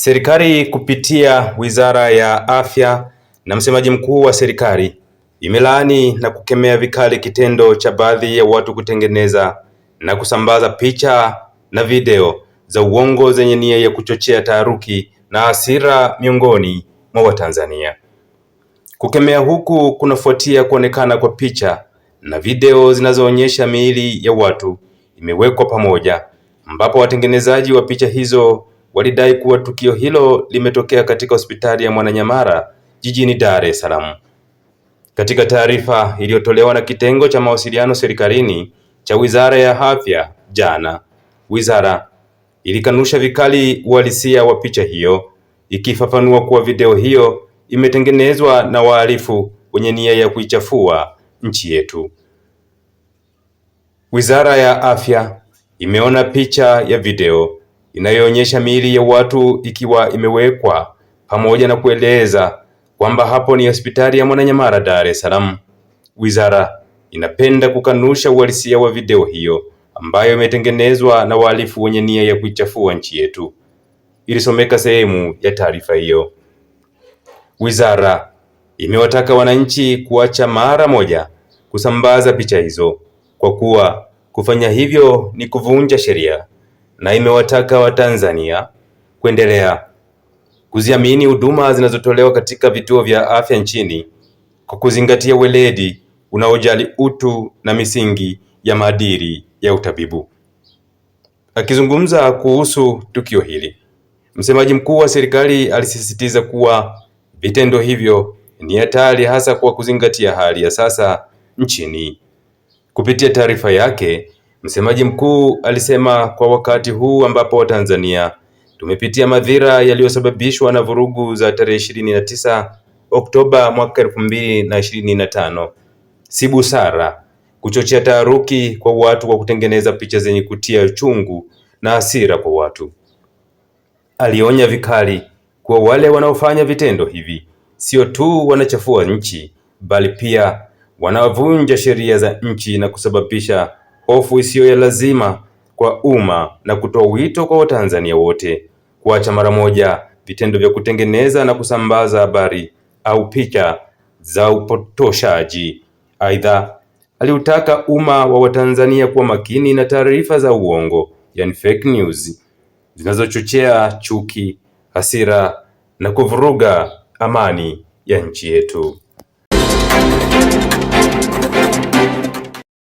Serikali kupitia Wizara ya Afya na msemaji mkuu wa serikali imelaani na kukemea vikali kitendo cha baadhi ya watu kutengeneza na kusambaza picha na video za uongo zenye nia ya kuchochea taharuki na hasira miongoni mwa Watanzania. Kukemea huku kunafuatia kuonekana kwa picha na video zinazoonyesha miili ya watu imewekwa pamoja, ambapo watengenezaji wa picha hizo walidai kuwa tukio hilo limetokea katika hospitali ya Mwananyamala jijini Dar es Salaam. Katika taarifa iliyotolewa na kitengo cha mawasiliano serikalini cha Wizara ya Afya jana, wizara ilikanusha vikali uhalisia wa picha hiyo, ikifafanua kuwa video hiyo imetengenezwa na wahalifu wenye nia ya kuichafua nchi yetu. Wizara ya Afya imeona picha ya video inayoonyesha miili ya watu ikiwa imewekwa pamoja na kueleza kwamba hapo ni hospitali ya Mwananyamala, Dar es Salaam. Wizara inapenda kukanusha uhalisia wa video hiyo ambayo imetengenezwa na wahalifu wenye nia ya kuichafua nchi yetu, ilisomeka sehemu ya taarifa hiyo. Wizara imewataka wananchi kuacha mara moja kusambaza picha hizo kwa kuwa kufanya hivyo ni kuvunja sheria na imewataka Watanzania kuendelea kuziamini huduma zinazotolewa katika vituo vya afya nchini kwa kuzingatia weledi unaojali utu na misingi ya maadili ya utabibu. Akizungumza kuhusu tukio hili, msemaji mkuu wa serikali alisisitiza kuwa vitendo hivyo ni hatari, hasa kwa kuzingatia hali ya sasa nchini. Kupitia taarifa yake Msemaji mkuu alisema kwa wakati huu ambapo tanzania tumepitia madhira yaliyosababishwa na vurugu za tarehe ishirini na tisa Oktoba mwaka elfu mbili na ishirini na tano, si busara kuchochea taharuki kwa watu kwa kutengeneza picha zenye kutia uchungu na hasira kwa watu. Alionya vikali kuwa wale wanaofanya vitendo hivi sio tu wanachafua nchi, bali pia wanavunja sheria za nchi na kusababisha hofu isiyo ya lazima kwa umma na kutoa wito kwa Watanzania wote kuacha mara moja vitendo vya kutengeneza na kusambaza habari au picha za upotoshaji. Aidha, aliutaka umma wa Watanzania kuwa makini na taarifa za uongo, yani fake news, zinazochochea chuki, hasira na kuvuruga amani ya nchi yetu.